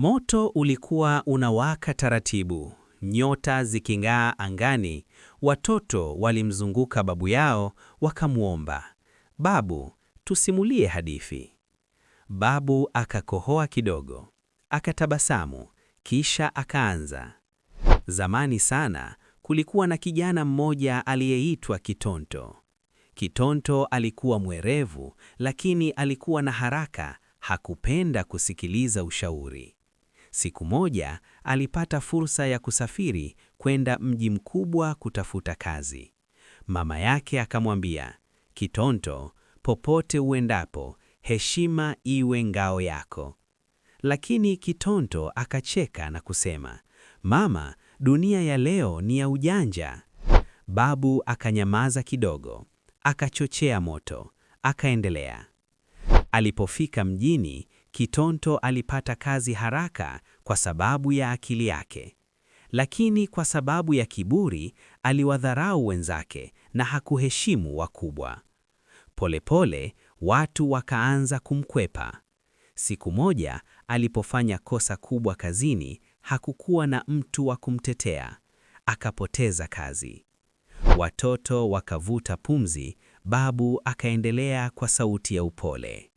Moto ulikuwa unawaka taratibu, nyota ziking'aa angani. Watoto walimzunguka babu yao wakamwomba, babu, tusimulie hadithi. Babu akakohoa kidogo, akatabasamu, kisha akaanza. Zamani sana kulikuwa na kijana mmoja aliyeitwa Kitonto. Kitonto alikuwa mwerevu, lakini alikuwa na haraka, hakupenda kusikiliza ushauri. Siku moja alipata fursa ya kusafiri kwenda mji mkubwa kutafuta kazi. Mama yake akamwambia, "Kitonto, popote uendapo, heshima iwe ngao yako." Lakini Kitonto akacheka na kusema, "Mama, dunia ya leo ni ya ujanja." Babu akanyamaza kidogo, akachochea moto, akaendelea. Alipofika mjini, Kitonto alipata kazi haraka kwa sababu ya akili yake, lakini kwa sababu ya kiburi aliwadharau wenzake na hakuheshimu wakubwa. Polepole watu wakaanza kumkwepa. Siku moja alipofanya kosa kubwa kazini, hakukuwa na mtu wa kumtetea, akapoteza kazi. Watoto wakavuta pumzi, babu akaendelea kwa sauti ya upole.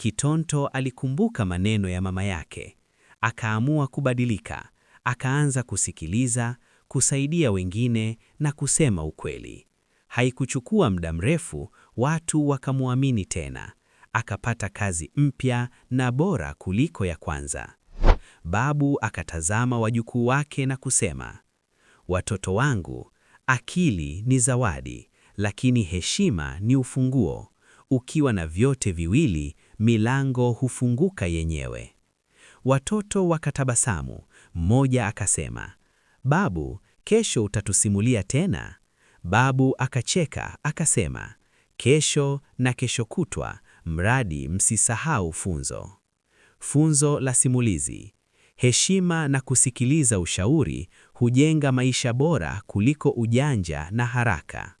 Kitonto alikumbuka maneno ya mama yake, akaamua kubadilika, akaanza kusikiliza, kusaidia wengine na kusema ukweli. Haikuchukua muda mrefu, watu wakamwamini tena. Akapata kazi mpya na bora kuliko ya kwanza. Babu akatazama wajukuu wake na kusema, watoto wangu, akili ni zawadi, lakini heshima ni ufunguo. Ukiwa na vyote viwili, milango hufunguka yenyewe. Watoto wakatabasamu, mmoja akasema, "Babu, kesho utatusimulia tena?" Babu akacheka akasema, "Kesho na kesho kutwa, mradi msisahau funzo." Funzo la simulizi: heshima na kusikiliza ushauri hujenga maisha bora kuliko ujanja na haraka.